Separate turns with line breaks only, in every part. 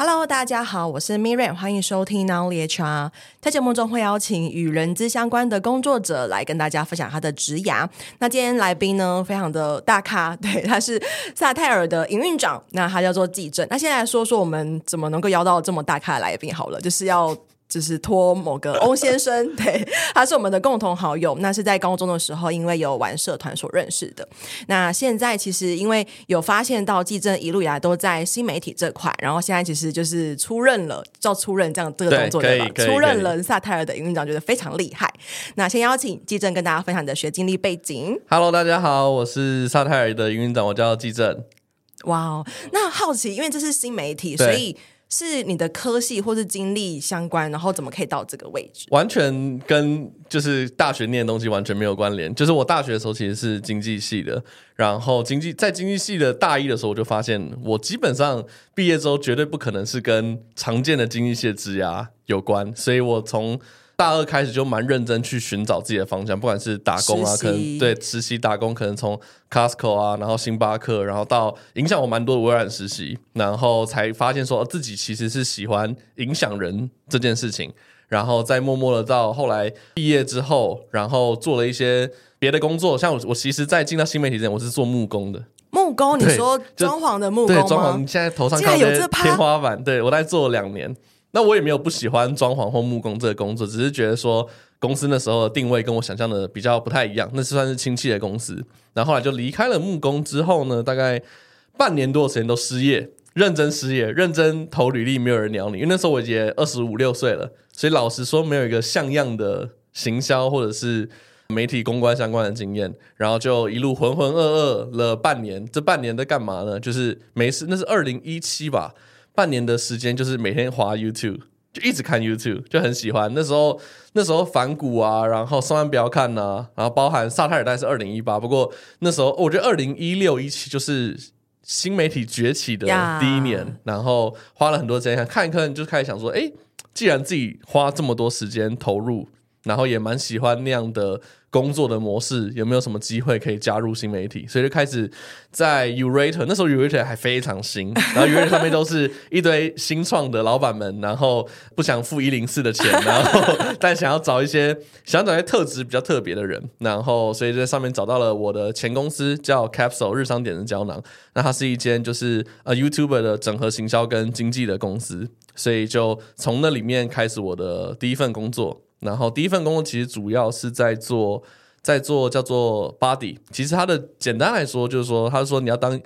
Hello，大家好，我是 Miriam，歡迎收聽 Not Only HR。在節目中會邀請與人資相關的工作者來跟大家分享他的職涯。那今天來賓呢，非常的大咖，對，他是薩泰爾的營運長，那他叫做繼正。那現在來說說我們怎麼能夠邀到這麼大咖的來賓好了，就是要。就是托某個翁先生， 對，他是我們的共同好友。那是在高中的時候，因為有玩社團所認識的。那現在其實因為有發現到繼正一路以來都在新媒體這塊，然後現在其實就是出任了，照出任這樣這個動作對，對吧？出任了薩泰爾的營運長，運長覺得非常厲害。那先邀請繼正跟大家分享你的學經歷背景。
Hello，大家好，我是薩泰爾的營運長，我叫繼正。
哇，wow, 那好奇，因為這是新媒體，對所以。是你的科系、或是經歷相關，然後怎麼可以到這個位置？
完全跟就是大學念的東西完全沒有關聯。就是我大學的時候其實是經濟系的，然後經濟在經濟系的大一的時候，我就發現我基本上畢業之後絕對不可能是跟常見的經濟學職涯有關，所以我從。大二開始就蠻認真去尋找自己的方向，不管是打工啊，可能對實習、實習打工，可能從 Costco 啊，然後星巴克，然後到影響我蠻多的微軟實習，然後才發現說、哦、自己其實是喜歡影響人這件事情，然後再默默的到後來畢業之後，然後做了一些別的工作。像我，我其實在進到新媒體之前，我是做木工的。
木工，對你說裝潢的木工嗎？對，裝潢。你
現在頭上有這天花板，對我在做了兩年。那我也沒有不喜歡裝潢或木工這個工作，只是覺得說公司那時候的定位跟我想象的比較不太一樣，那是算是親戚的公司。然後後來就離開了木工之後呢，大概半年多的時間都失業，認真失業，認真投履歷，沒有人鳥你。因為那時候我已經二十五六歲了，所以老實說，沒有一個像樣的行銷或者是媒體公關相關的經驗。然後就一路渾渾噩噩了半年。這半年在幹嘛呢？就是沒事。那是二零一七吧。半年的時間就是每天滑 YouTube，就一直看 YouTube，就很喜歡。那時候那時候反骨啊，然後上萬不要看吶、啊，然後包含薩泰爾代是二零一八，不過那時候我覺得二零一六一七就是新媒體崛起的第一年，Yeah. 然後花了很多時間看一看，就開始想說，誒，既然自己花這麼多時間投入。然後也蠻喜歡那樣的工作的模式，有沒有什麼機會可以加入新媒體？所以就開始在 Yourator，那時候 Yourator 還非常新，然後 Yourator 上面都是一堆新創的老板們， 然後不想付一零四的錢，然後但想要找一些想要找一些特質比較特別的人，然後所以就在上面找到了我的前公司叫 Capsule 日商點子膠囊，那它是一間就是呃 YouTuber 的整合行銷跟經紀的公司，所以就從那裡面開始我的第一份工作。然後第一份工作其實主要是在做，在做叫做 body。其實他的簡單來說就是說，他說你要當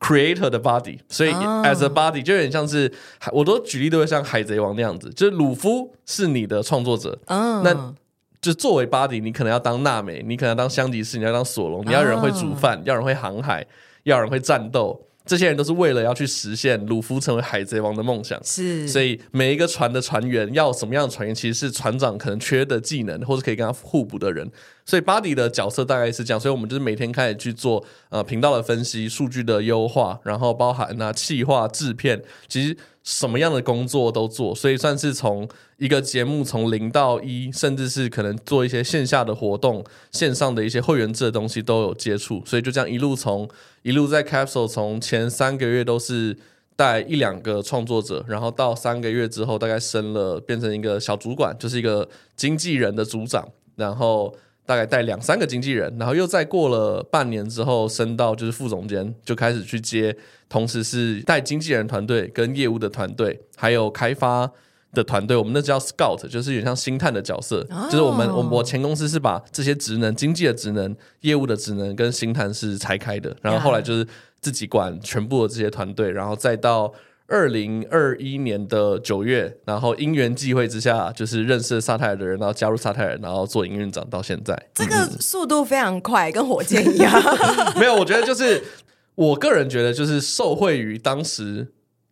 creator 的 body，所以 as a body 就有點像是，我都舉例都會像海賊王那樣子，就是魯夫是你的創作者，uh, 那就作為 body，你可能要當娜美，你可能要當香吉士，你要當索隆，你要有人會煮飯，要有人會航海，要有人會戰鬥。這些人都是為了要去實現魯夫成為海賊王的夢想，是，所以每一個船的船員要什麼樣的船員，其實是船長可能缺的技能，或是可以跟他互補的人。所以 Buddy 的角色大概是這樣，所以我們就是每天開始去做呃頻道的分析、數據的優化，然後包含那、啊、企劃、制片，其實什麼樣的工作都做，所以算是從一個節目從零到一，甚至是可能做一些線下的活動、線上的一些會員制的東西都有接觸，所以就這樣一路從一路在 Capsule，從前三個月都是帶一兩個創作者，然後到三個月之後大概升了變成一個小主管，就是一個經紀人的組長，然後。大概帶兩三個經紀人，然後又再過了半年之後升到就是副總監，就開始去接，同時是帶經紀人團隊，跟業務的團隊，還有開發的團隊，我們那叫 scout，就是有點像星探的角色，oh. 就是我們我我前公司是把這些職能、經紀的職能、業務的職能跟星探是拆開的，然後後來就是自己管全部的這些團隊，然後再到。二零二一年的九月，然後因緣際會之下，就是認識薩泰爾的人，然後加入薩泰爾，然後做營運長，到現在，這個
速度非常快，跟火箭一
樣。 沒有，我覺得就是我個人覺得就是受惠於當時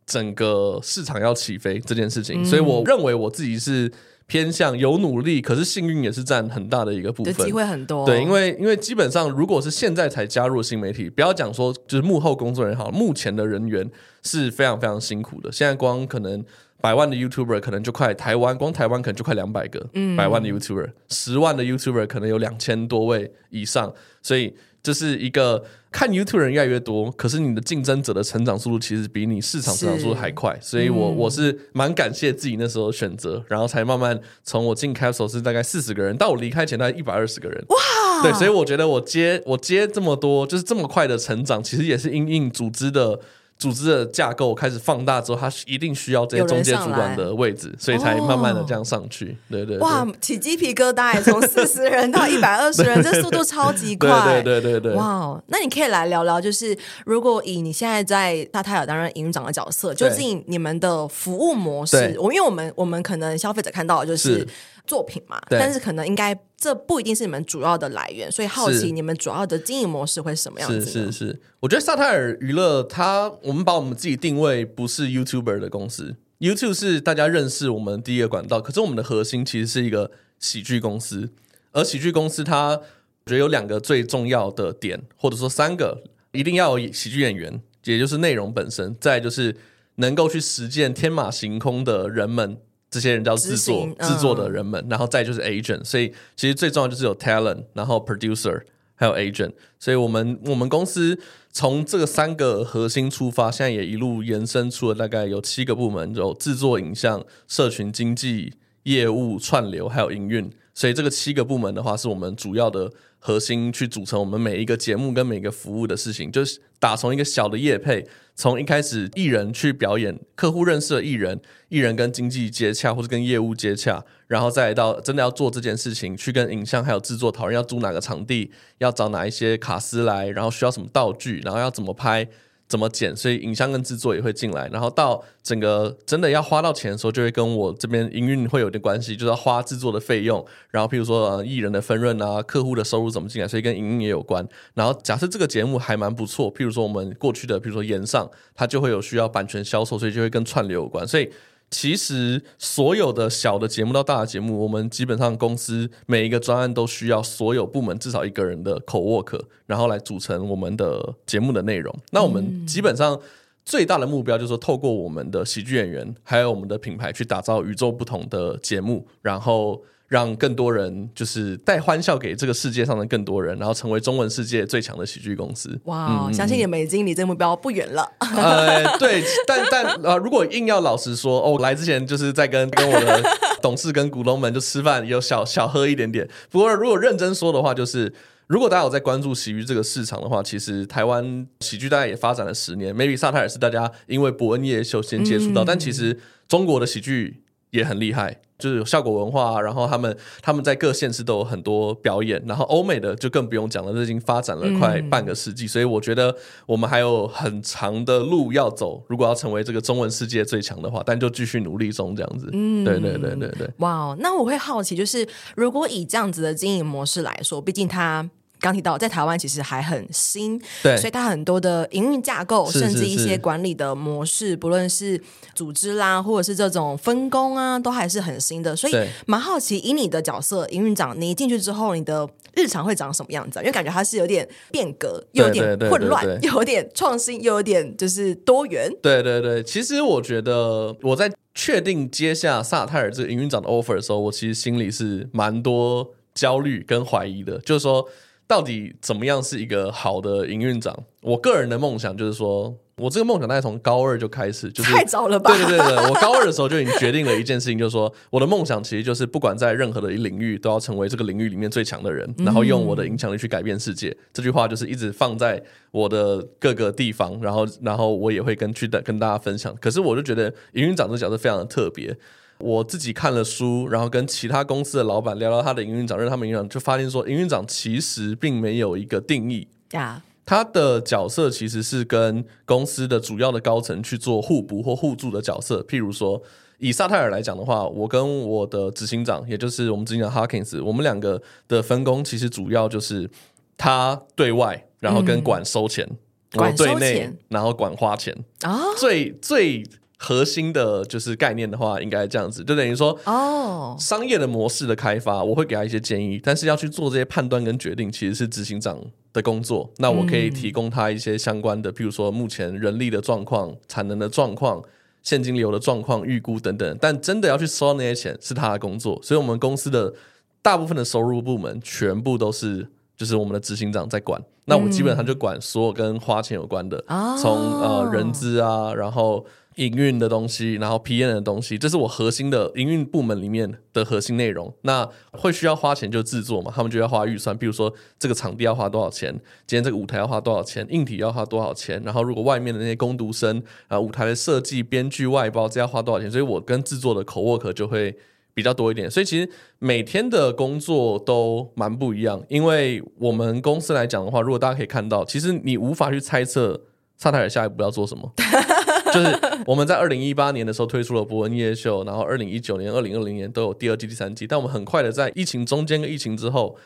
整個市場要起飛這件事情，嗯、所以我認為我自己是。偏向有努力，可是幸運也是佔很大的一個部分。機會很多，哦，對，因為因為基本上，如果是現在才加入新媒體，不要講說就是幕後工作人員好，目前的人員是非常非常辛苦的。現在光可能百萬的 YouTuber 可能就快台灣，光台灣可能就快兩百個，嗯、百萬的 YouTuber，十萬的 YouTuber 可能有兩千多位以上，所以。就是一個看 YouTube 人越來越多，可是你的競爭者的成長速度其實比你市場成長速度還快，是所以我，嗯、我是蠻感謝自己那時候選擇，然後才慢慢從我進 Capsule 是大概四十個人，到我離開前大概一百二十個人，哇，對，所以我覺得我接我接這麼多，就是這麼快的成長，其實也是因應組織的。組織的架構開始放大之後，它一定需要這些中間主管的位置，所以才慢慢的這樣上去。哦、對，對對。哇，
起雞皮疙瘩！從四十人到一百二十人， 這速度超級快。對對對對哇，wow, 那你可以來聊聊，就是如果以你現在在薩泰爾擔任營運長的角色，究竟對你們的服務模式？我對因為我們我們可能消費者看到的就是作品嘛，是但是可能應該。這不一定是你們主要的來源，所以好奇你們主要的經營模式會是什麼樣子？是是
是，我覺得薩泰爾娛樂它，我們把我們自己定位不是 YouTuber 的公司，YouTube 是大家認識我們第一個管道，可是我們的核心其實是一個喜劇公司，而喜劇公司它，我覺得有兩個最重要的點，或者說三個，一定要有喜劇演員，也就是內容本身，再就是能夠去實踐天馬行空的人們。這些人叫製作、執行製作的人們，嗯、然後再就是 agent，所以其實最重要就是有 talent，然後 producer 還有 agent，所以我們我們公司從這個三個核心出發，現在也一路延伸出了大概有七個部門，有製作影像、社群經紀、業務串流，還有營運，所以這個七個部門的話是我們主要的。核心去組成我們每一個節目跟每一個服務的事情，就是打從一個小的業配，從一開始藝人去表演，客戶認識的藝人，藝人跟經紀接洽或者跟業務接洽，然後再來到真的要做這件事情，去跟影像還有制作討論要租哪個場地，要找哪一些卡司來，然後需要什麼道具，然後要怎麼拍，怎麼剪，所以影像跟制作也會進來，然後到整個真的要花到錢的時候，就會跟我這邊營運會有點關係，就是要花制作的費用，然後譬如說、呃、藝人的分潤啊，客戶的收入怎麼進來，所以跟營運也有關。然後假設這個節目還蠻不錯，譬如說我們過去的，譬如說炎上，它就會有需要版權銷售，所以就會跟串流有關，所以。其實所有的小的節目到大的節目，我們基本上公司每一個專案都需要所有部門至少一個人的 co-work，然後來組成我們的節目的內容。那我們基本上最大的目標就是說透過我們的喜劇演員還有我們的品牌去打造與眾不同的節目，然後。讓更多人就是帶歡笑給這個世界上的更多人，然後成為中文世界最強的喜劇公司。哇，相
信你們已經離這個目標不遠了。 呃，
對，但但、呃、如果硬要老實說，哦，我來之前就是在跟跟我的董事跟股東們就吃飯，有小小喝一點點。不過如果認真說的話，就是如果大家有在關注喜劇這個市場的話，其實台灣喜劇大概也發展了十年。maybe 薩泰爾也是大家因為博恩夜秀先接觸到，嗯嗯，但其實中國的喜劇。也很厲害，就是有笑果文化、啊，然後他們他們在各縣市都有很多表演，然後歐美的就更不用講了，這已經發展了快半個世紀，嗯、所以我覺得我們還有很長的路要走，如果要成為這個中文世界最強的話，但就繼續努力中這樣子。嗯，對對對對對。
哇，wow, 那我會好奇，就是如果以這樣子的經營模式來說，畢竟它。剛提到，在台灣其實還很新，對，所以它很多的營運架構，是是是，甚至一些管理的模式，不論是組織啦，或者是這種分工啊，都還是很新的。所以對蠻好奇，以你的角色營運長，你一進去之後，你的日常會長什麼樣子啊？因為感覺它是有點變革，又有點混亂，對對對對對，有點創新，又有點就是多元。
對對對，其實我覺得我在確定接下薩泰爾這個營運長的 offer 的時候，我其實心裡是蠻多焦慮跟懷疑的，就是說。到底怎麼樣是一個好的營運長？我個人的夢想就是說，我這個夢想大概從高二就開始，就是太早了吧？對對對對，我高二的時候就已經決定了一件事情，就是說 我的夢想其實就是不管在任何的領域，都要成為這個領域裡面最強的人，然後用我的影響力去改變世界。嗯，這句話就是一直放在我的各個地方，然後然後我也會跟去的跟大家分享。可是我就覺得營運長這個角色非常的特別。我自己看了書，然後跟其他公司的老闆聊聊他的營運長，讓他們營運長，就發現說，營運長其實並沒有一個定義。呀，Yeah. 他的角色其實是跟公司的主要的高層去做互補或互助的角色。譬如說，以薩泰爾來講的話，我跟我的執行長，也就是我們執行長 Hawkins，我們兩個的分工其實主要就是他對外，然後跟管收錢，嗯、管收錢，我對內，然後管花錢。啊、oh.，最最。核心的就是概念的話，應該是這樣子，就等於說，哦，oh. 商業的模式的開發，我會給他一些建議，但是要去做這些判斷跟決定，其實是執行長的工作。那我可以提供他一些相關的，mm. 譬如說目前人力的狀況、產能的狀況、現金流的狀況預估等等。但真的要去收那些錢，是他的工作。所以我們公司的大部分的收入部門，全部都是就是我們的執行長在管。那我基本上就管所有跟花錢有關的，mm. oh. 從呃人資啊，然後。營運的東西，然後 pn 的東西，這是我核心的營運部門裡面的核心內容。那會需要花錢就制作嘛，他們就要花預算。比如說這個場地要花多少錢，今天這個舞台要花多少錢，硬體要花多少錢。然後如果外面的那些工讀生啊，舞台的設計、編劇外包，這要花多少錢？所以我跟制作的口 work 就會比較多一點。所以其實每天的工作都蠻不一樣。因為我們公司來講的話，如果大家可以看到，其實你無法去猜測薩塔爾下一步要做什麼？ 就是我們在二零一八年的時候推出了博恩夜秀，然後二零一九年、二零二零年都有第二季、第三季。但我們很快的在疫情中間跟疫情之後，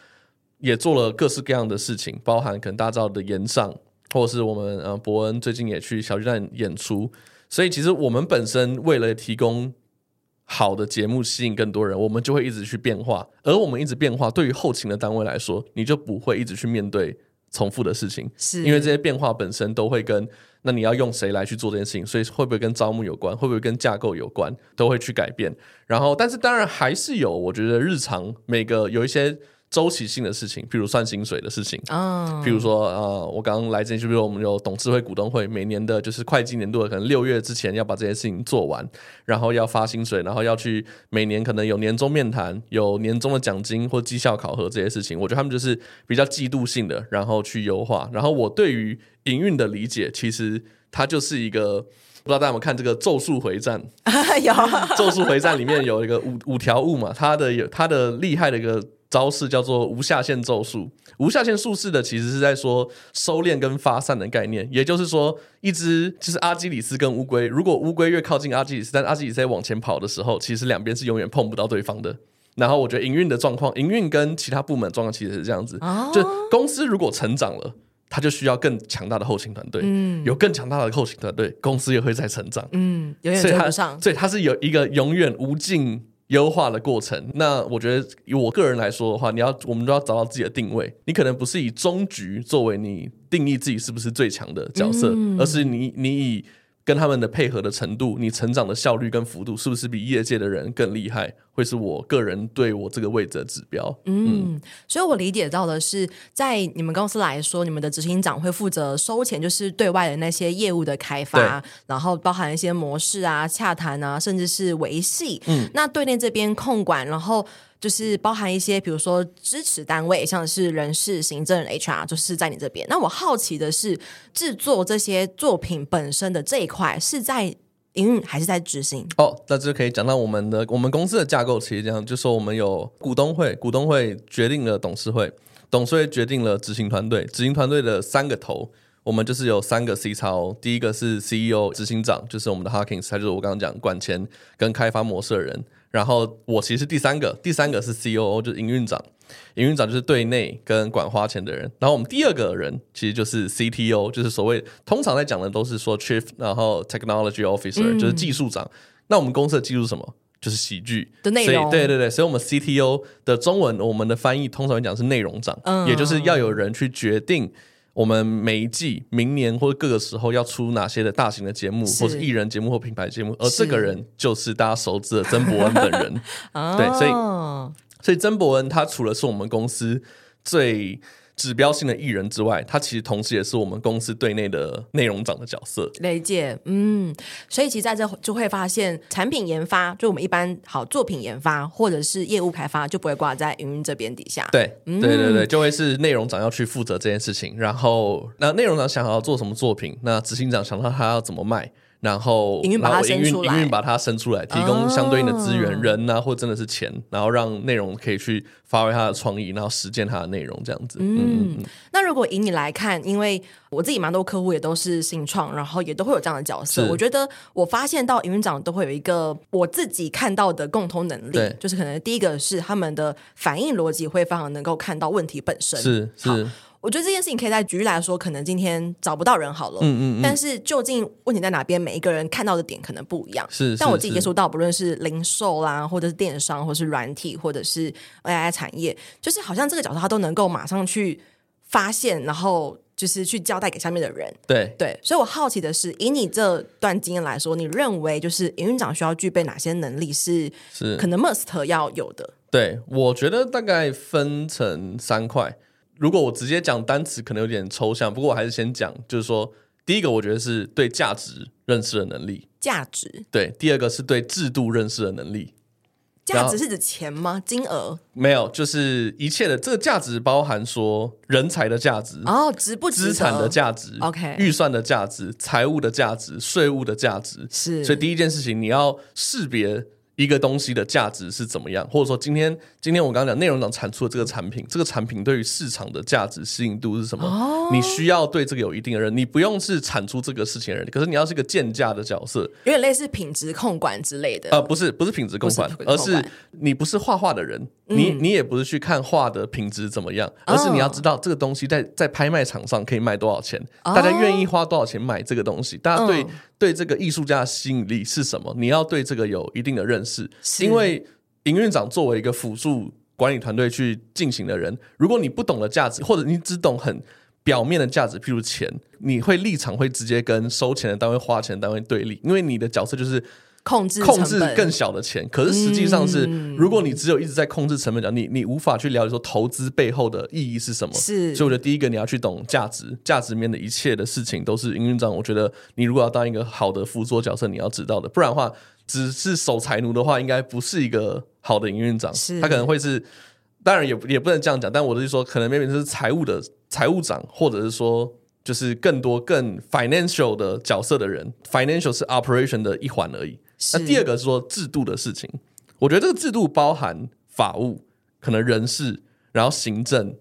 也做了各式各樣的事情，包含可能大家知道的演唱，或是我們呃博恩最近也去小巨蛋演出。所以其實我們本身為了提供好的節目，吸引更多人，我們就會一直去變化。而我們一直變化，對於後勤的單位來說，你就不會一直去面對。重複的事情，是因為這些變化本身都會跟，那你要用誰來去做這件事情，所以會不會跟招募有關？會不會跟架構有關？都會去改變。然後，但是當然還是有，我覺得日常每個有一些，周期性的事情，譬如算薪水的事情，oh. 譬如說，呃，我剛剛來之前，比如我們有董事會股東會，每年的，就是會計年度的可能六月之前要把這些事情做完，然後要發薪水，然後要去每年可能有年終面談，有年終的獎金或績效考核這些事情。我覺得他們就是比較季度性的，然後去優化。然後我對於營運的理解，其實它就是一個，不知道大家有沒有看這個《咒術回戰》？
有， 《咒術
回戰》裡面有一個五五條悟嘛，它的有他的厲害的一個。招式叫做無下限咒術，無下限術式的其實是在說收斂跟發散的概念，也就是說一，一隻就是阿基里斯跟烏龜，如果烏龜越靠近阿基里斯，但阿基里斯在往前跑的時候，其實兩邊是永遠碰不到對方的。然後我覺得營運的狀況，營運跟其他部門狀況其實是這樣子，啊、就公司如果成長了，它就需要更強大的後勤團隊，嗯、有更強大的後勤團隊，公司也會再成長，
嗯，永遠追得上，
所以它是有一個永遠無盡。優化的過程，那我覺得以我個人來說的話，你要我們都要找到自己的定位。你可能不是以終局作為你定義自己是不是最強的角色，嗯、而是你你以。跟他們的配合的程度，你成長的效率跟幅度是不是比業界的人更厲害，會是我個人對我這個位置的指標。
嗯，所以我理解到的是，在你們公司來說，你們的執行長會負責收錢，就是對外的那些業務的開發，對然後包含一些模式啊、洽談啊，甚至是維繫。嗯，那對內這邊控管，然後。就是包含一些，比如說支持單位，像是人事、行政、HR，就是在你這邊。那我好奇的是，製作這些作品本身的這一塊是在營運還是在執行？
哦，那就可以講到我們的我們公司的架構，其實這樣就說、是、我們有股東會，股東會決定了董事會，董事會決定了執行團隊，執行團隊的三個頭，我們就是有三個 C 超。第一個是 CEO，執行長，就是我們的 Hawkins，他就是我剛剛講管錢跟開發模式的人。然後我其實是第三個，第三個是 C O O，就是營運長，營運長就是對內跟管花錢的人。然後我們第二個人其實就是 C T O，就是所謂通常在講的都是說 Chief，然後 Technology Officer、嗯、就是技術長。那我們公司的技術是什麼？就是喜劇的內容。對對對，所以我們 C T O 的中文我們的翻譯通常會講是內容長，嗯、也就是要有人去決定。.我們每一季、明年或者各個時候要出哪些的大型的節目，是或是藝人節目或品牌節目，是而這個人就是大家熟知的曾博恩本人。 對，oh. 所以，所以曾博恩他除了是我們公司最指標性的藝人之外，他其實同時也是我們公司對內的內容長的角色。
雷姐，嗯，所以其實在這就會發現，產品研發就我們一般好作品研發或者是業務開發就不會掛在營運這邊底下。對，
嗯、對對對，就會是內容長要去負責這件事情。然後，那內容長想要做什麼作品，那執行長想到他要怎麼賣。然後，然後營運營運把它生出來，提供相對應的資源，哦、人啊，或真的是錢，然後讓內容可以去發揮它的創意，然後實踐它的內容，這樣子。嗯，嗯嗯
那如果以你來看，因為我自己蠻多客戶也都是新創，然後也都會有這樣的角色，是我覺得我發現到營運長都會有一個我自己看到的共通能力，對就是可能第一個是他們的反應邏輯會非常能夠看到問題本身，是是。是我覺得這件事情可以在局裡來說，可能今天找不到人好了，嗯嗯，嗯嗯但是，究竟問題在哪邊？每一個人看到的點可能不一樣，是。是但我自己接觸到，不論是零售啦，或者是電商，或者是軟體，或者是 AI 產業，就是好像這個角度，他都能夠馬上去發現，然後就是去交代給下面的人。對對，所以我好奇的是，以你這段經驗來說，你認為就是營運長需要具備哪些能力是是可能 must 要有的？
對，我覺得大概分成三塊。如果我直接講單詞，可能有點抽象。不過我還是先講，就是說，第一個我覺得是對價值認識的能力，
價值對；
第二個是對制度認識的能力。價值是
指錢嗎？金額？
沒有，就是一切的這個價值包含說人才的價值哦，值不值得，資產的價值，OK，預算的價值，財務的價值，稅務的價值是。所以第一件事情，你要識別。一個東西的價值是怎麼樣，或者說今天今天我剛剛講內容長產出的這個產品，這個產品對於市場的價值適應度是什麼？哦，你需要對這個有一定的認，你不用是產出這個事情的人，可是你要是個鑑價的角色，有
點類似品質控管之類的，呃，
不是不是品質控管，是控管，而是你不是畫畫的人。你你也不是去看畫的品質怎麼樣，嗯、而是你要知道這個東西在在拍賣場上可以賣多少錢，哦、大家願意花多少錢買這個東西，大家對、嗯、對這個藝術家的吸引力是什麼？你要對這個有一定的認識。是因為營運長作為一個輔助管理團隊去進行的人，如果你不懂得價值，或者你只懂很表面的價值，譬如錢，你會立場會直接跟收錢的單位、花錢的單位對立，因為你的角色就是。控制控制更小的錢，可是實際上是。嗯、如果你只有一直在控制成本講，你你無法去了解說投資背後的意義是什麼？是，所以我覺得第一個你要去懂價值，價值面的一切的事情都是營運長。我覺得你如果要當一個好的輔佐角色，你要知道的。不然的話，只是守財奴的話，應該不是一個好的營運長。是，他可能會是，當然也也不能這樣講。但我的意思說，可能 maybe 就是財務的財務長，或者是說就是更多更 financial 的角色的人，financial 是 operation 的一環而已。那第二個是說制度的事情，我覺得這個制度包含法務、可能人事，然後行政、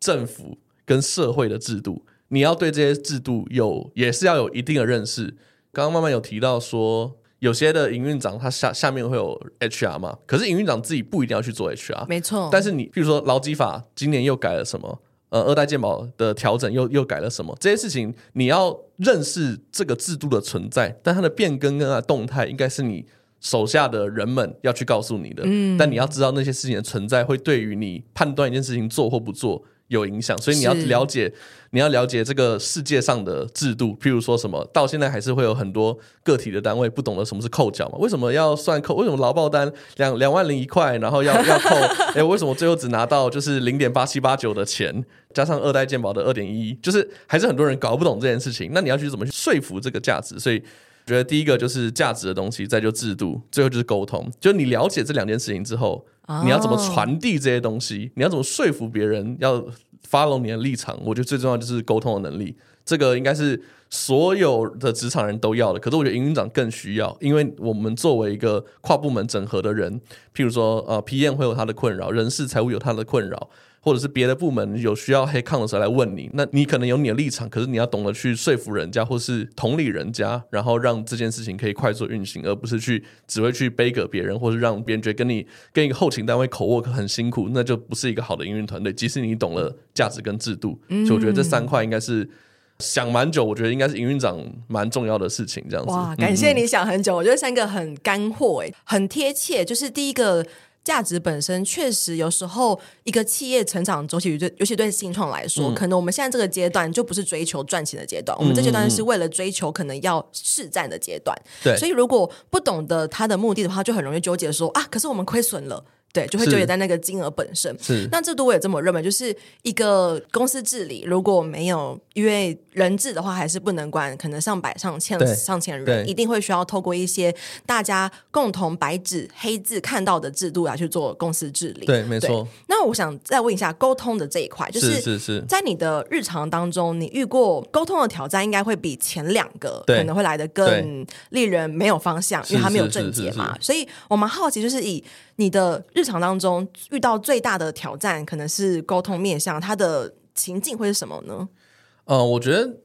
政府跟社會的制度，你要對這些制度有也是要有一定的認識。剛剛慢慢有提到說，有些的營運長他下下面會有 HR 嘛，可是營運長自己不一定要去做 HR，沒錯 錯。但是你譬如說勞基法今年又改了什麼？呃，二代健保的調整又又改了什麼？這些事情你要認識這個制度的存在，但它的變更跟它的動態，應該是你手下的人們要去告訴你的。嗯，但你要知道那些事情的存在，會對於你判斷一件事情做或不做。有影響，所以你要了解，是你要了解這個世界上的制度。譬如說什麼，到現在還是會有很多個體的單位不懂得什麼是扣繳嘛？為什麼要算扣？為什麼勞報單兩兩萬零一塊，然後要要扣？誒、 哎，為什麼最後只拿到就是零點八七八九的錢，加上二代健保的二點一，就是還是很多人搞不懂這件事情。那你要去怎麼去說服這個價值？所以，我覺得第一個就是價值的東西，再就制度，最後就是溝通。就是你了解這兩件事情之後。你要怎麼傳遞這些東西？你要怎麼說服別人要 follow 你的立場？我覺得最重要就是溝通的能力，這個應該是所有的職場人都要的。可是我覺得營運長更需要，因為我們作為一個跨部門整合的人，譬如說呃，PM 會有他的困擾，人事財務有他的困擾。或者是別的部門有需要 head count 的時候來問你，那你可能有你的立場，可是你要懂得去說服人家，或是同理人家，然後讓這件事情可以快速運行，而不是去只會去背給別人，或是讓別人覺得跟你跟一個後勤單位 co-work 很辛苦，那就不是一個好的營運團隊。即使你懂了價值跟制度，嗯、所以我覺得這三塊應該是想蠻久，我覺得應該是營運長蠻重要的事情。這樣子，哇，感謝你
想很久，嗯、我覺得三個很乾貨，哎，很貼切，就是第一個。價值本身確實，有時候一個企業成長週期，尤其對新創來說，可能我們現在這個階段就不是追求賺錢的階段，嗯嗯嗯，我們這階段是為了追求可能要市佔的階段。對所以如果不懂得它的目的的話，就很容易糾結說啊，可是我們虧損了。對，就會糾結在那個金額本身。是，那制度我也這麼認為，就是一個公司治理，如果沒有因為人治的話，還是不能管，可能上百上千對上千人，對一定會需要透過一些大家共同白紙黑字看到的制度來去做公司治理。對，對沒錯。那我想再問一下溝通的這一塊，就是是在你的日常當中，你遇過溝通的挑戰，應該會比前兩個可能會來得更令人沒有方向，對因為他沒有症結嘛。所以我蠻好奇，就是以你的日常場當中遇到最大的挑戰可能是溝通面向，他的情境會是什麼呢？
呃，我覺得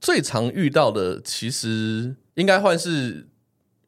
最常遇到的其實應該算是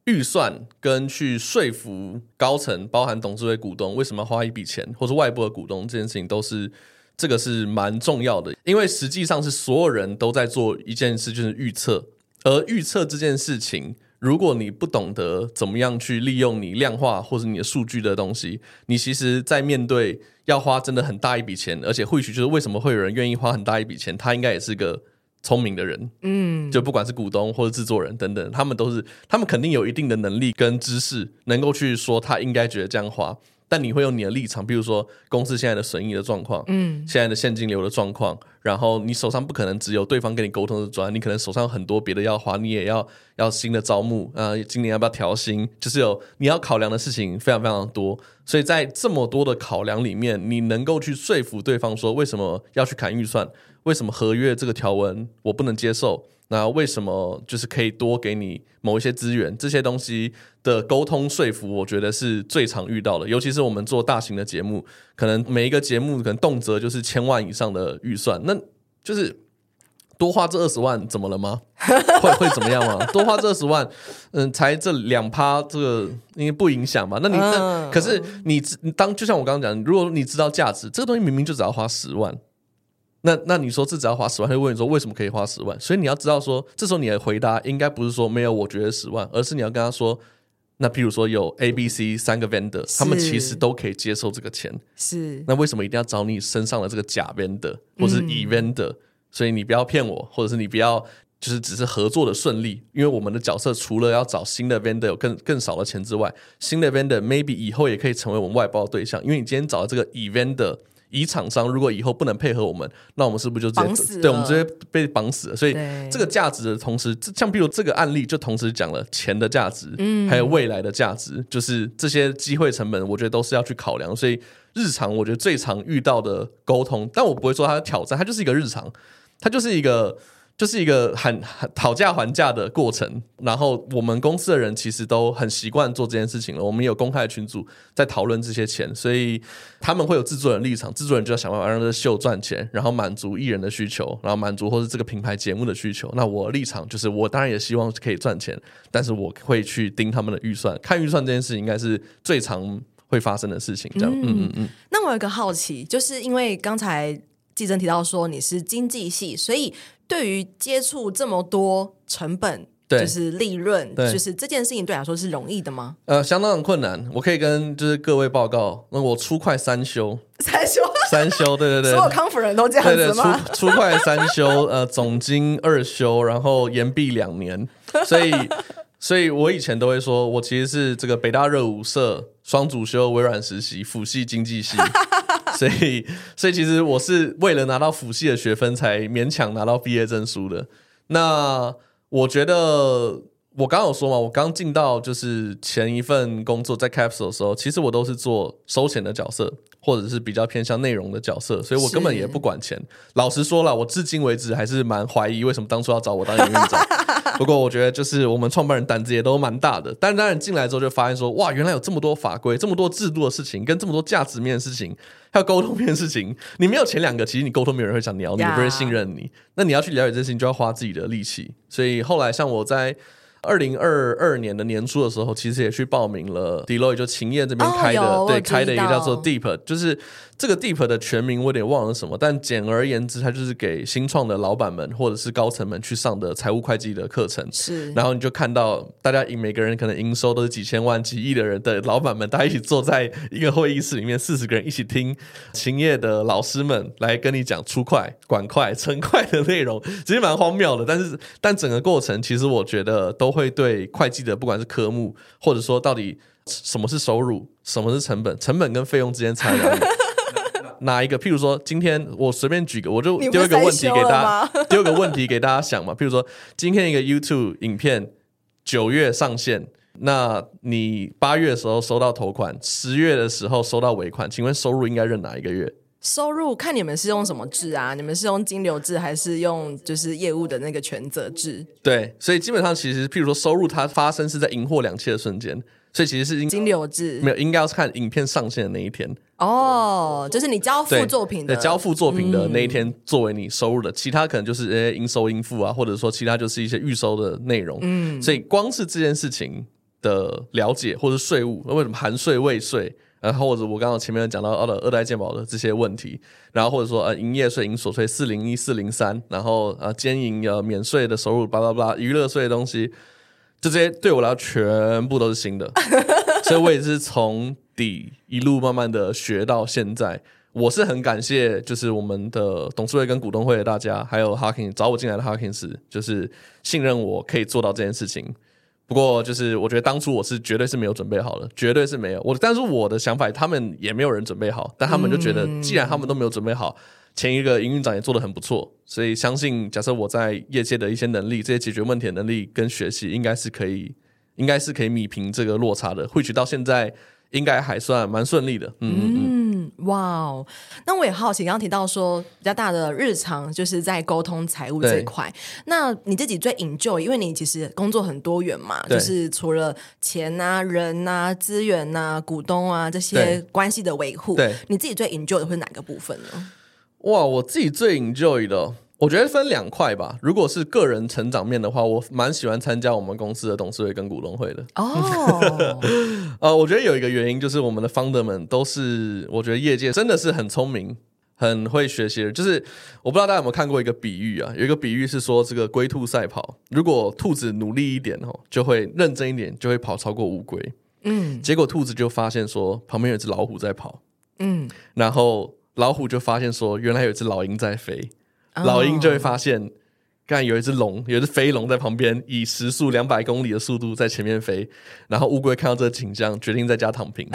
預算跟去說服高層，包含董事會股東為什麼要花一筆錢，或是外部的股東這件事情，都是這個是蠻重要的，因為實際上是所有人都在做一件事，就是預測，而預測這件事情。如果你不懂得怎麼樣去利用你量化或是你的數據的東西，你其實，在面對要花真的很大一筆錢，而且或許就是為什麼會有人願意花很大一筆錢，他應該也是個聰明的人，嗯，就不管是股東或者制作人等等，他們都是，他們肯定有一定的能力跟知識，能夠去說他應該覺得這樣花。但你會有你的立場，比如說公司現在的損益的狀況，嗯，現在的現金流的狀況，然後你手上不可能只有對方跟你溝通的專，你可能手上有很多別的要花，你也要要新的招募啊、呃，今年要不要調薪？就是有你要考量的事情非常非常多，所以在這麼多的考量裡面，你能夠去說服對方說為什麼要去砍預算？為什麼合約這個條文我不能接受？那為什麼就是可以多給你某一些資源？這些東西的溝通說服，我覺得是最常遇到的。尤其是我們做大型的節目，可能每一個節目可能動輒就是千萬以上的預算，那就是多花這二十萬怎麼了嗎？ 會會怎麼樣嗎？多花這二十萬，嗯，才這兩趴，這個應該不影響吧？那你那可是你，你當就像我剛剛講，如果你知道價值，這個東西明明就只要花十萬。那那你說這只要花十萬，他就問你說為什麼可以花十萬？所以你要知道說，這時候你的回答應該不是說沒有，我覺得十萬，而是你要跟他說，那譬如說有 A、B、C 三個 vendor，是他們其實都可以接受這個錢，是。那為什麼一定要找你身上的這個甲 vendor 或是乙、e、vendor？嗯、所以你不要騙我，或者是你不要就是只是合作的順利，因為我們的角色除了要找新的 vendor 有更更少的錢之外，新的 vendor maybe 以後也可以成為我們外包對象，因為你今天找的這個乙、e、vendor。以廠商如果以後不能配合我們，那我們是不是就直接綁死了？對，我們直接被綁死了？所以這個價值的同時，像比如這個案例就同時講了錢的價值，還有未來的價值，嗯、就是這些機會成本，我覺得都是要去考量。所以日常我覺得最常遇到的溝通，但我不會說它的挑戰，它就是一個日常，它就是一個。就是一個很，很討價還價的過程，然後我們公司的人其實都很習慣做這件事情了。我們也有公開的群組在討論這些錢，所以他們會有制作人的立場，制作人就要想辦法讓這個秀賺錢，然後滿足藝人的需求，然後滿足或是這個品牌節目的需求。那我立場就是，我當然也希望可以賺錢，但是我會去盯他們的預算，看預算這件事情應該是最常會發生的事情。這樣，嗯嗯
嗯。嗯嗯，那我有個好奇，就是因為剛才繼正提到說你是經濟系，所以。對於接觸這麼多成本，對就是利潤，對就是這件事情對我來說是容易的嗎？
呃，相當很困難。我可以跟就是各位報告，那我初會三修，三修休，三修，對對對，對，所有
康復人都這樣子嗎？
初會三修， 呃，總經二修，然後延畢兩年。所以，所以我以前都會說，我其實是這個北大熱舞社雙主修，微軟實習，輔系經濟系。 所以，所以其實我是為了拿到輔系的學分才勉強拿到畢業證書的。那我覺得，我剛有說嘛，我剛進到就是前一份工作在 Capsule 的時候，其實我都是做收錢的角色，或者是比較偏向內容的角色，所以我根本也不管錢。是老實說啦，我至今為止還是蠻懷疑為什麼當初要找我當營運長。 不過我覺得，就是我們創辦人膽子也都蠻大的，但是當然進來之後就發現說，哇，原來有這麼多法規、這麼多制度的事情，跟這麼多價值面的事情，還有溝通面的事情，你沒有前兩個，其實你溝通沒有人會想聊你，你 Yeah. 不會信任你，那你要去了解這些事情，就要花自己的力氣。所以後來，像我在二零二二年的年初的時候，其實也去報名了，Deloitte 就勤業這邊開的，oh, 有對，開的一個叫做 Deep，就是。這個 Deep 的全名我有點忘了什麼，但簡而言之，它就是給新創的老板們或者是高層們去上的財務會計的課程。是，然後你就看到大家，每個人可能營收都是幾千萬、幾億的人的老板們，大家一起坐在一個會議室裡面，四十個人一起聽勤業的老師們來跟你講初會、管會、成會的內容，其實蠻荒謬的。但是，但整個過程其實我覺得都會對會計的，不管是科目，或者說到底什麼是收入，什麼是成本，成本跟費用之間差哪 哪一個？譬如說，今天我隨便舉個，我就丟一個問題給大家，丟 個問題給大家想嘛。譬如說，今天一個 YouTube 影片九月上線，那你八月的時候收到頭款，十月的時候收到尾款，請問收入應該認哪一個月？
收入看你們是用什麼制啊？你們是用金流制還是用就是業務的那個權責制？
對，所以基本上其實譬如說收入它發生是在銀貨兩訖的瞬間。所以其實是金流制，沒有應該要看影片上線的那一天
哦，嗯、就是你交付作品的交付作品的那一天、
嗯、作為你收入的，其他可能就是一些應收應付啊，或者說其他就是一些預收的內容。嗯，所以光是這件事情的了解或者是稅務，為什麼含稅未稅，然後或者我剛剛前面講到二二代健保的這些問題，然後或者說呃營業稅、營所稅四零一四零三，40 1, 40 3, 然後呃兼營呃免稅的收入吧啦吧啦，娛樂稅的東西。這些對我來說全部都是新的， 所以我也是從底一路慢慢的學到現在。我是很感謝，就是我們的董事會跟股東會的大家，還有 Hacking 找我進來的，Hacking 是，就是信任我可以做到這件事情。不過就是我覺得當初我是絕對是沒有準備好的，絕對是沒有我。但是我的想法，他們也沒有人準備好，但他們就覺得既然他們都沒有準備好。嗯前一個營運長也做得很不錯，所以相信假設我在業界的一些能力，這些解決問題的能力跟學習，應該是可以，應該是可以弭平這個落差的。會取到現在，應該還算蠻順利的。嗯，嗯，
嗯，嗯，哇哦，那我也好奇，剛剛提到說比較大的日常就是在溝通財務這一塊，對那你自己最享受，因為你其實工作很多元嘛，對就是除了錢啊、人啊、資源啊、股東啊這些關係的維護，對對，你自己最享受的會是哪個部分呢？
哇，wow, 我自己最 enjoy 的，我覺得分兩塊吧。如果是個人成長面的話，我蠻喜歡參加我們公司的董事會跟股東會的。哦，呃，我覺得有一個原因就是我們的 founder 們都是，我覺得業界真的是很聰明、很會學習的。就是我不知道大家有沒有看過一個比喻啊，有一個比喻是說這個龜兔賽跑，如果兔子努力一點、喔、就會認真一點，就會跑超過烏龜。嗯，結果兔子就發現說旁邊有只老虎在跑。嗯，然後。老虎就發現說，原來有一只老鷹在飛，Oh. 老鷹就會發現，剛才有一隻龍，有一隻飛龍在旁邊，以時速兩百公里的速度在前面飛。然後烏龜看到這個景象，決定在家躺平。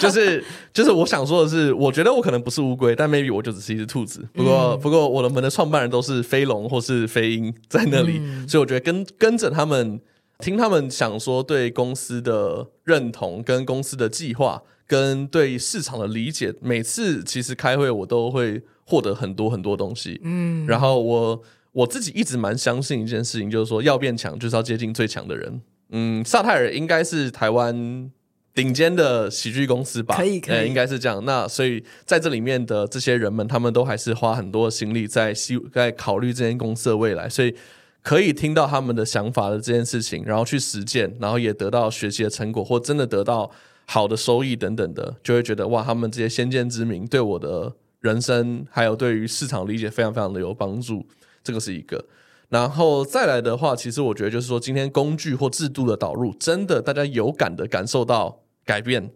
就是就是，我想說的是，我覺得我可能不是烏龜，但 maybe 我就只是一只兔子。不過、嗯、不過，我的門的創辦人都是飛龍或是飛鷹在那裡，嗯、所以我覺得跟跟着他們，聽他們想說對公司的認同跟公司的計劃。跟對市場的理解，每次其實開會我都會獲得很多很多東西。嗯，然後我我自己一直蠻相信一件事情，就是說要變強就是要接近最強的人。嗯，薩泰爾應該是台灣頂尖的喜劇公司吧？可以，可以，應該是這樣。那所以在這裡面的這些人們，他們都還是花很多的心力在希在考慮這間公司的未來，所以可以聽到他們的想法的這件事情，然後去實踐，然後也得到學習的成果，或真的得到。好的收益等等的，就會覺得哇，他們這些先見之明對我的人生，還有對於市場理解，非常非常的有幫助，這個是一個。然後再來的話，其實我覺得就是說，今天工具或制度的導入，真的大家有感的感受到改變，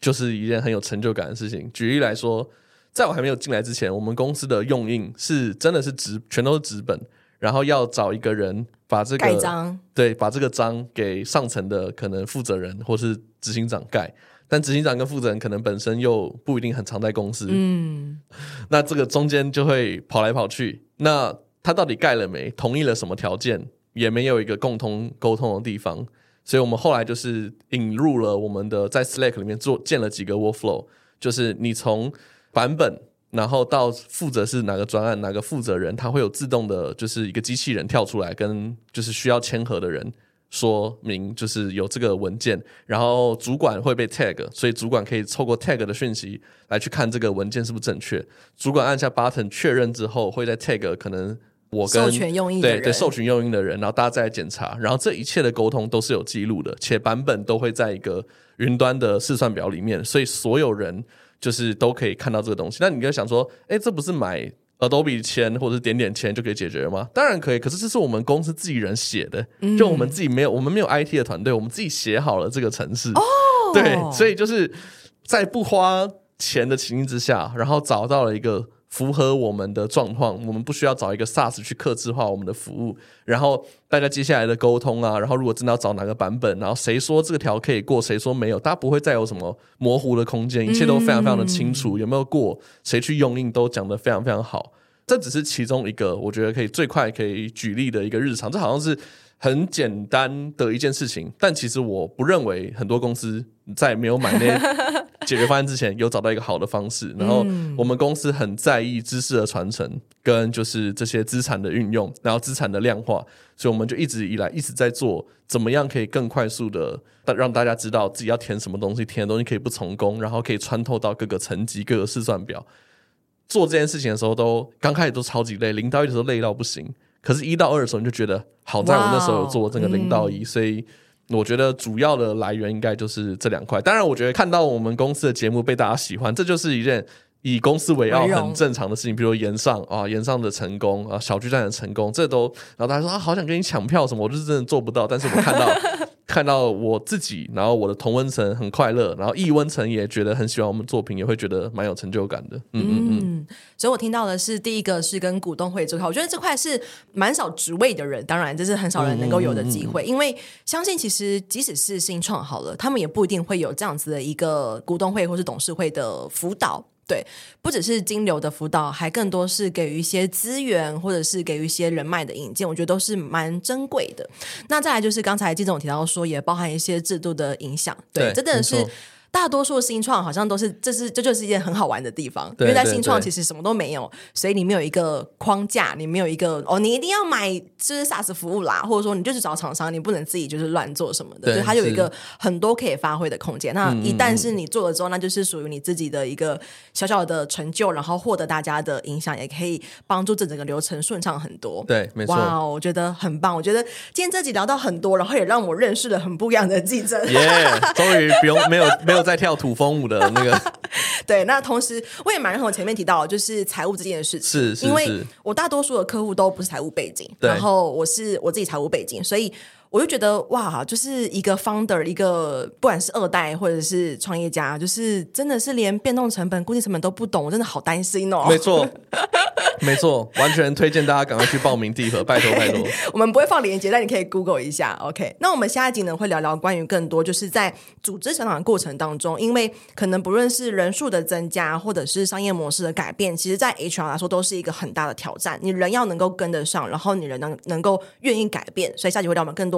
就是一件很有成就感的事情。舉例來說，在我還沒有進來之前，我們公司的用印是真的是紙，全都是紙本。然後要找一個人把這個蓋章，對，把這個章給上層的可能負責人或是執行長蓋，但執行長跟負責人可能本身又不一定很常在公司，嗯，那這個中間就會跑來跑去，那他到底蓋了沒？同意了什麼條件？也沒有一個共同溝通的地方，所以我們後來就是引入了我們的在 Slack 裡面做建了幾個 workflow，就是你從版本。然後到負責是哪個專案，哪個負責人，他會有自動的，就是一個機器人跳出來跟就是需要簽核的人說明，就是有這個文件，然後主管會被 tag，所以主管可以透過 tag 的訊息來去看這個文件是不是正確。主管按下 button 確認之後，會在 tag 可能我跟對對授權用印的，的人，然後大家再來檢查，然後這一切的溝通都是有記錄的，且版本都會在一個雲端的試算表裡面，所以所有人。就是都可以看到這個東西，那你就想說，哎、欸，這不是買 Adobe 簽或者是點點簽就可以解決嗎？當然可以，可是這是我們公司自己人寫的，嗯、就我們自己沒有，我們沒有 IT 的團隊，我們自己寫好了這個程式。哦，對，所以就是在不花錢的情形之下，然後找到了一個。符合我們的狀況，我們不需要找一個 SaaS 去客製化我們的服務。然後大家接下來的溝通啊，然後如果真的要找哪個版本，然後誰說這個條可以過，誰說沒有，大家不會再有什麼模糊的空間，一切都非常非常的清楚。嗯、有沒有過，誰去用印都講得非常非常好。這只是其中一個，我覺得可以最快可以舉例的一個日常。這好像是很簡單的一件事情，但其實我不認為很多公司。在沒有買那些解決方案之前， 有找到一個好的方式。然後我們公司很在意知識的傳承，嗯、跟就是這些資產的運用，然後資產的量化。所以我們就一直以來一直在做，怎麼樣可以更快速的讓讓大家知道自己要填什麼東西，填的東西可以不成功，然後可以穿透到各個層級、各個試算表。做這件事情的時候都，都剛開始都超級累，零到一的時候累到不行。可是，一到二的時候，你就覺得，好在我那時候有做這個零到一、wow, 嗯，所以。我覺得主要的來源應該就是這兩塊。當然，我覺得看到我們公司的節目被大家喜歡，這就是一件。以公司為傲，很正常的事情，容比如說炎上啊，炎上的成功啊，小巨蛋的成功，這都，然後大家說啊，好想跟你搶票什麼，我就是真的做不到。但是，我看到 看到我自己，然後我的同溫層很快樂，然後異溫層也覺得很喜歡我們作品，也會覺得蠻有成就感的。嗯嗯嗯。
嗯，所以我聽到的是，第一個是跟股東會這塊，我覺得這塊是蠻少職位的人，當然這是很少人能夠有的機會，嗯嗯嗯嗯，因為相信其實即使是新創好了，他們也不一定會有這樣子的一個股東會或是董事會的輔導。對，不只是金流的輔導，還更多是給予一些資源，或者是給予一些人脈的引薦，我覺得都是蠻珍貴的。那再來就是剛才繼總提到說，也包含一些制度的影響，對，對真的是。大多數新創好像都是，這是這就是一件很好玩的地方，因為在新創其實什麼都沒有，對對對，所以你沒有一個框架，你沒有一個哦，你一定要買就是 SaaS 服務啦，或者說你就是找廠商，你不能自己就是亂做什麼的，對所以它有一個很多可以發揮的空間。是那一旦是你做了之後，那就是屬於你自己的一個小小的成就，然後獲得大家的影響，也可以幫助這整，整個流程順暢很多。對，
沒錯，哇，我
覺得很棒。我覺得今天這集聊到很多，然後也讓我認識了很不一樣的繼正。耶，yeah,
終於不用沒有 沒有。沒有在跳土風舞的那個，
對。那同時，我也蠻認同前面提到，就是財務這件事情，是，是，因為我大多數的客戶都不是財務背景，對然後我是我自己財務背景，所以。我就覺得哇，就是一個 founder，一個不管是二代或者是創業家，就是真的是連變動成本、固定成本都不懂，我真的好擔心哦。沒錯，
沒錯，完全推薦大家趕快去報名第一盒 拜，拜托拜托。
我們不會放鏈接，但你可以 Google 一下。OK，那我們下一集呢會聊聊關於更多，就是在組織成長的過程當中，因為可能不論是人數的增加，或者是商業模式的改變，其實在 HR 來說都是一個很大的挑戰。你人要能夠跟得上，然後你人能能夠願意改變，所以下集會聊我們更多。